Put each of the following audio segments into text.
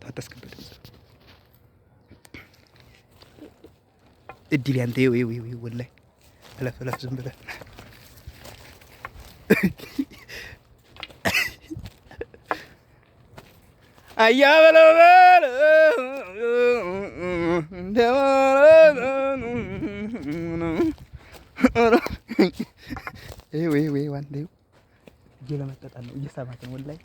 ታጠስክበት እድል ያንተ ወላሂ እለፍ እለፍ ዝም ብለህ አያ በለው ወይ እጅ ለመጠጣት ነው። እየሳባት ነው ወላሂ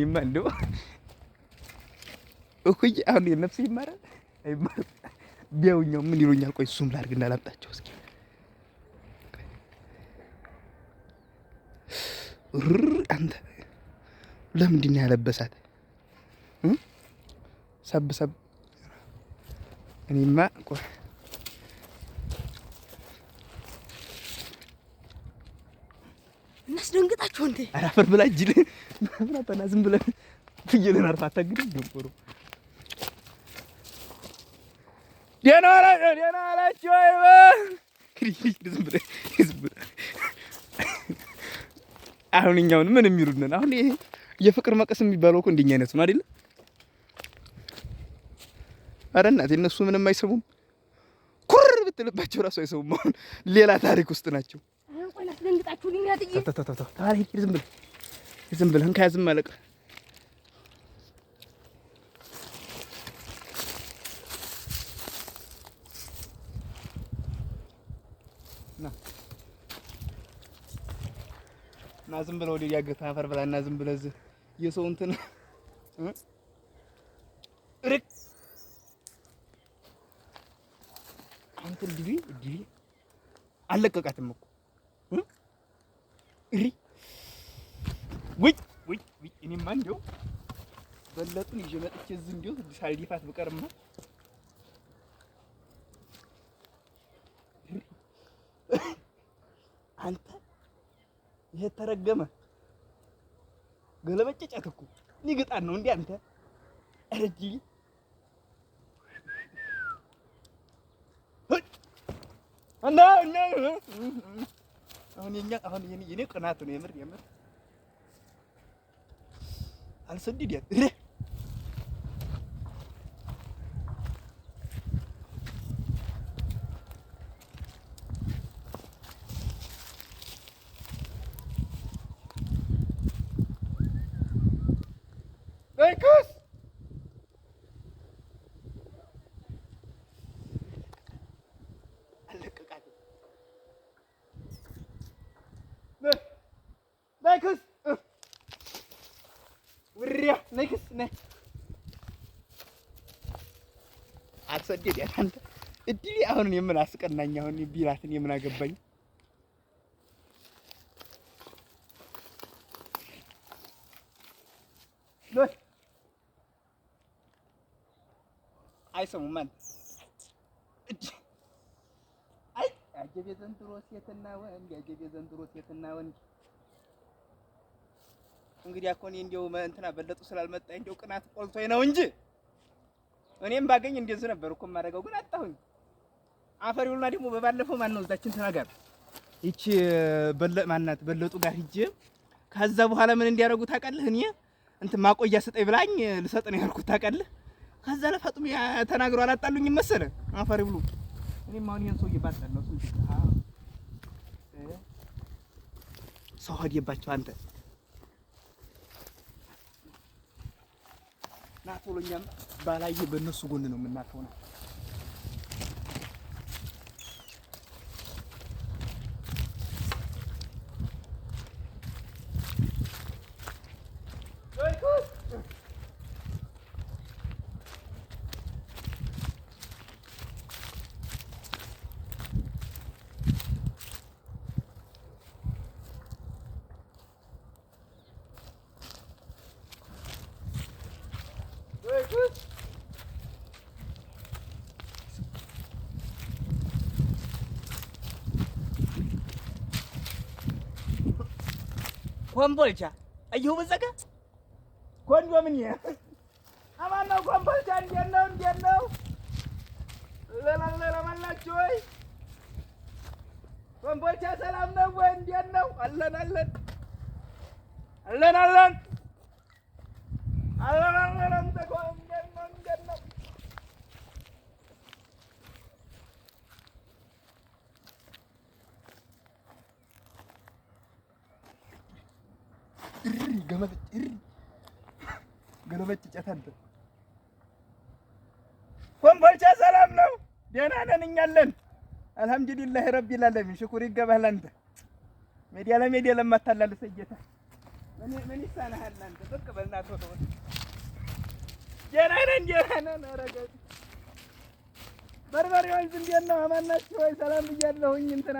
እኔማ እንደው እኩይ አሁን የነፍስ ይማራል አይማርም? ቢያውኛው ምን ይሉኛል? ቆይ ሱም ላድርግና እንዳላምጣቸው እስኪ አንተ ለምንድን ነው ያለበሳት? ሰብ ሰብ እኔማ አስደንግጣችሁ እንዴ? ኧረ አፈር ብላ እጅ ምናምን ዝም ብለን ፍየልን አርፋ አታግድም። ደንቆሮ ደህና ዋላችሁ፣ ደህና ዋላችሁ። ዝም ብለን ዝም ብለን አሁን እኛውን ምን የሚሉንን አሁን ይሄ የፍቅር መቀስ የሚባለው እኮ እንደኛ አይነቱ ነው አይደል? አረ እናቴ እነሱ ምንም አይሰሙም። ኩር ብትልባቸው ራሱ አይሰሙም። አሁን ሌላ ታሪክ ውስጥ ናቸው። አስደንግጣችሁልኝ። ዝም ብለህ ዝም ብለህ እንካ ዝም አለቀ። እና ዝም ብለህ አፈር ብላ እና ዝም ብለህ እዚህ የሰው እንትን ርቅ አንተ አለቀቃትም እኮ እሪ ውይ ውይ ውይ! እኔማ እንደው በለጡን ይዤ መጥቼ እዚህ እንደው ሳልደፋት ብቀርማ አንተ ይሄ ተረገመ ገለበጨጫት እኮ ሊግጣን ነው እንዴ አንተ? እረጂ እና እና አሁን የኛ አሁን የኔ ቅናት ነው የምር የምር አልሰድድ ነህ አትሰደዳት አንተ እድሌ። አሁን የምን አስቀናኝ? አሁን ቢላትን የምን አገባኝ? አይሰሙም ማለት አይ አጀቤ ሴትና ወንድ አጀቤ ዘንድሮ ሴትና ወንድ እንግዲህ አኮኔ እንዲያው እንትና በለጡ ስላልመጣ እንዲያው ቅናት ቆልቶኝ ነው እንጂ እኔም ባገኝ እንደዚህ ነበር እኮ የማደርገው፣ ግን አጣሁኝ። አፈር ይሉና ደግሞ በባለፈው ማን ነው እዛችን እንትና ጋር ይቺ በለጥ ማናት በለጡ ጋር ሂጅ። ከዛ በኋላ ምን እንዲያደርጉ ታውቃለህ? እኔ እንትን ማቆያ ስጠኝ ብላኝ ልሰጥ ነው ያልኩት ታውቃለህ? ከዛ ለፋጡም ተናግረው አላጣሉኝ መሰለ አፈር ይብሉ። እኔም አሁን ይሄን ሰውዬ ባጣለሁ። ሰው ሆድ የባቸው አንተ ተከታትሎኛም ባላየ በእነሱ ጎን ነው የምናልፈው ናቸው ኮምቦልቻ እዩ ብዘጋ ኮንዶምን አማነው ኮምቦልቻ እንዴት ነው? እንዴት ነው? ለላላ ማላችሁ ወይ ኮምቦልቻ ሰላም ነው ወይ? እንዴት ነው? አለን አለን አለን አለን ገለበጥ ገለበጥ ጨት አንተ ኮምቦልቻ ሰላም ነው? ደህና ነን እኛ አለን። አልሐምዱሊላህ ረቢል ዓለሚን ሽኩር ይገባሃል። አንተ ሜዳ ለሜዳ ለማታላልሰ ጌታ ምን ይሳናሃል? አንተ ብቅ በልና ተወው። ደህና ነን ደህና ነን። ኧረ ገቢ በርበሬዎች እንዴት ነው? አማን ወይ? ሰላም ብያለሁኝ። እንትና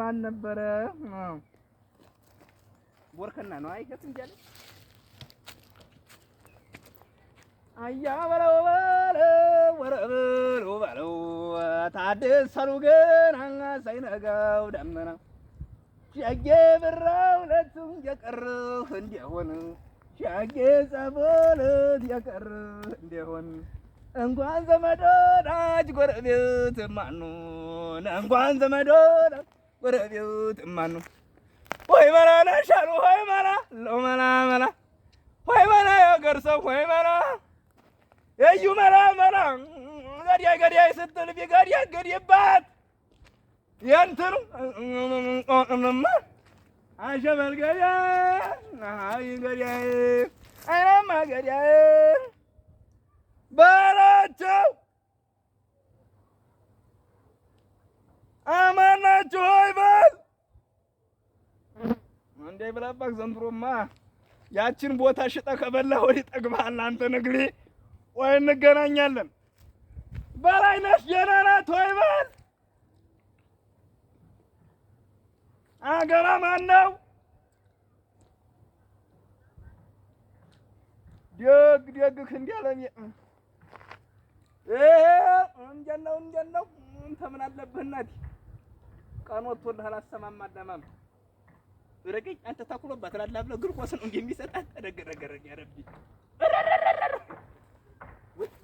ማን ነበረ? ወርከና ነው አይገት እንጂ አለ አያ በለው በለው ወረብ በለው ታደሰሉ ገና ሳይነጋው ደመና ሻጌ ብራው ለቱም የቀርህ እንዲሆን ሻጌ ጸበለት የቀርህ እንዲሆን እንኳን ዘመድ ወዳጅ ጎረቤት ማኑ እንኳን ዘመድ ወዳጅ ጎረቤት ማኑ ወይ መላ ነሻሉ ወይ መና መና መና ወይ መና የገርሰው ወይ መና የዩ መና መና ገዳይ ገዳይ ስትል ቢገዳይ ገድይባት የእንትኑ አሸበል ገዳይ ገዳይ አይናማ ገዳይ በላቸው ጉዳይ ብላባክ ዘንድሮማ ያችን ቦታ ሽጠ ከበላ ወዲ ጠግባሃል። አንተ ንግሪ ወይ እንገናኛለን። በላይነሽ የናናት ወይ በል አገራ ማን ነው? ደግ ደግህ እንዲያለም ይሄ እንጀት ነው እንጀት ነው። ተምን አለብህ እናቴ ቀን ወጥቶልህ አላሰማም አለማም ረገኝ አንተ ታኩሎባት ላላ ብለህ ግልቆስ ነው እንደሚሰጥ አንተ ረገረገረኝ። ያ ረቢ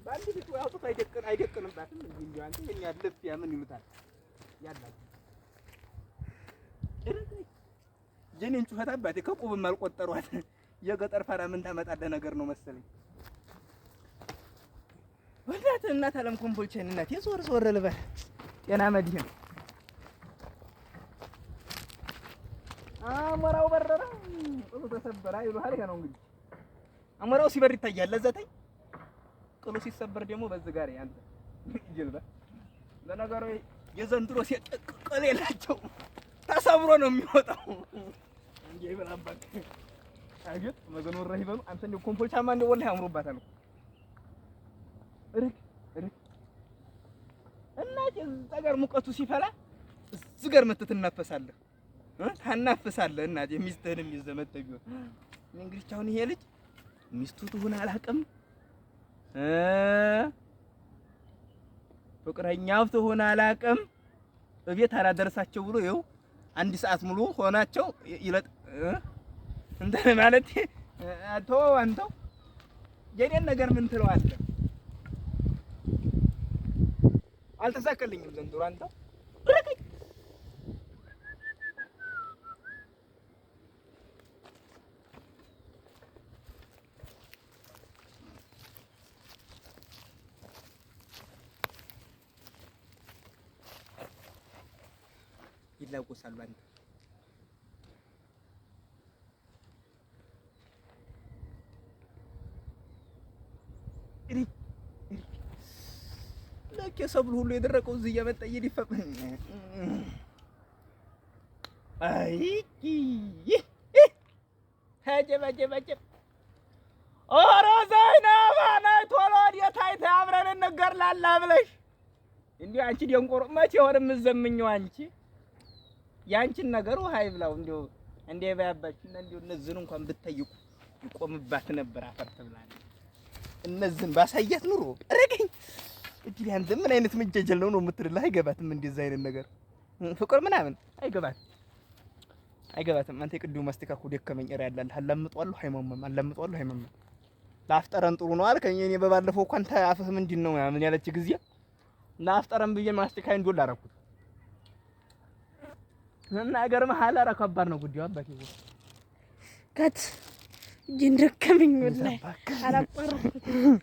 በአንድ ፊቱ አውጥቶ አይደቅን አይደቅንባትም እንጂ እንጂ አንተ ይሄን ያለፍ ያምን ይሉታል ያላችሁ ረገኝ የኔን ጩኸት አባቴ ከቁብም አልቆጠሯት። የገጠር ፋራ ምን ታመጣለ ነገር ነው መሰለኝ። ወላሂ እናት አለም ኮምቦልቻን እናት የዞር ዞር ልበል ጤና መድህን አሞራው በረረ ቅሉ ተሰበረ ይሉሃል። ይሄ ነው እንግዲህ አሞራው ሲበር ይታያል። ለዛተኝ ቅሉ ሲሰበር ደግሞ በዚህ ጋር ያንተ ይልባ። ለነገሩ የዘንድሮ ሴት ቅል የላቸው ተሰብሮ ነው የሚወጣው እንጂ ይበላባክ አግት መዘኖር ረሂ በሉ አንተ እንደው ኮምፖልቻማ እንደው ወላሂ አምሮባታል እኮ እርግ እርግ እና እዛ ጋር ሙቀቱ ሲፈላ እዚህ ጋር መተህ ትናፈሳለህ። ታናፍሳለህ እናቴ ሚስትህንም ይዘህ ቢሆን እንግዲህ አሁን ይሄ ልጅ ሚስቱ ትሁን አላውቅም ፍቅረኛው ትሁን አላውቅም እቤት አላደረሳቸው ብሎ ይኸው አንድ ሰዓት ሙሉ ሆናቸው ይለጥ እንትን ማለት አቶ አንተው የኔን ነገር ምን ትለዋለህ? ዘንድሮ አንተው ፍላጎት አሉ አንተ ለክ የሰብል ሁሉ የደረቀው እዚህ እያመጣ እየደፈመ አይ አጀብ አጀብ አጀብ ኦሮ ዘይነባ ነይ ቶሎ ወዴት አይተህ አብረን እንገርላለን ብለሽ እንዲሁ አንቺ ደንቆሮ መቼ ሆነ የምትዘምኘው አንቺ ያንቺን ነገር ውሃ ይብላው። እንዲሁ እንደ ባያባችሁና እንዲሁ እነዚህን እንኳን ብትጠይቁ ይቆምባት ነበር። አፈር ትብላለች። እነዚህን ባሳያት ኑሮ ረገኝ እጅ አንተ ምን አይነት መጀጀል ነው ነው የምትልልህ? አይገባትም። እንደዚህ አይነት ነገር ፍቅር ምናምን አይገባትም፣ አይገባትም። አንተ የቅድሙ ማስቲካ እኮ ደከመኝ። ኧረ ያላልህ አላምጧለሁ፣ አይመማም፣ አላምጧለሁ፣ አይመማም። ለአፍጠረን ጥሩ ነው አልከኝ። እኔ በባለፈው እንኳን አፍህ ምንድን ነው ምናምን ያለች ጊዜ ለአፍጠረን ብዬ ማስቲካ እንዶል አደረኩት። መናገር መሀል ኧረ ከባድ ነው ጉዳዩ። አባቴ ከት እጄን ደከመኝ ወላሂ አላቋረጥኩትም።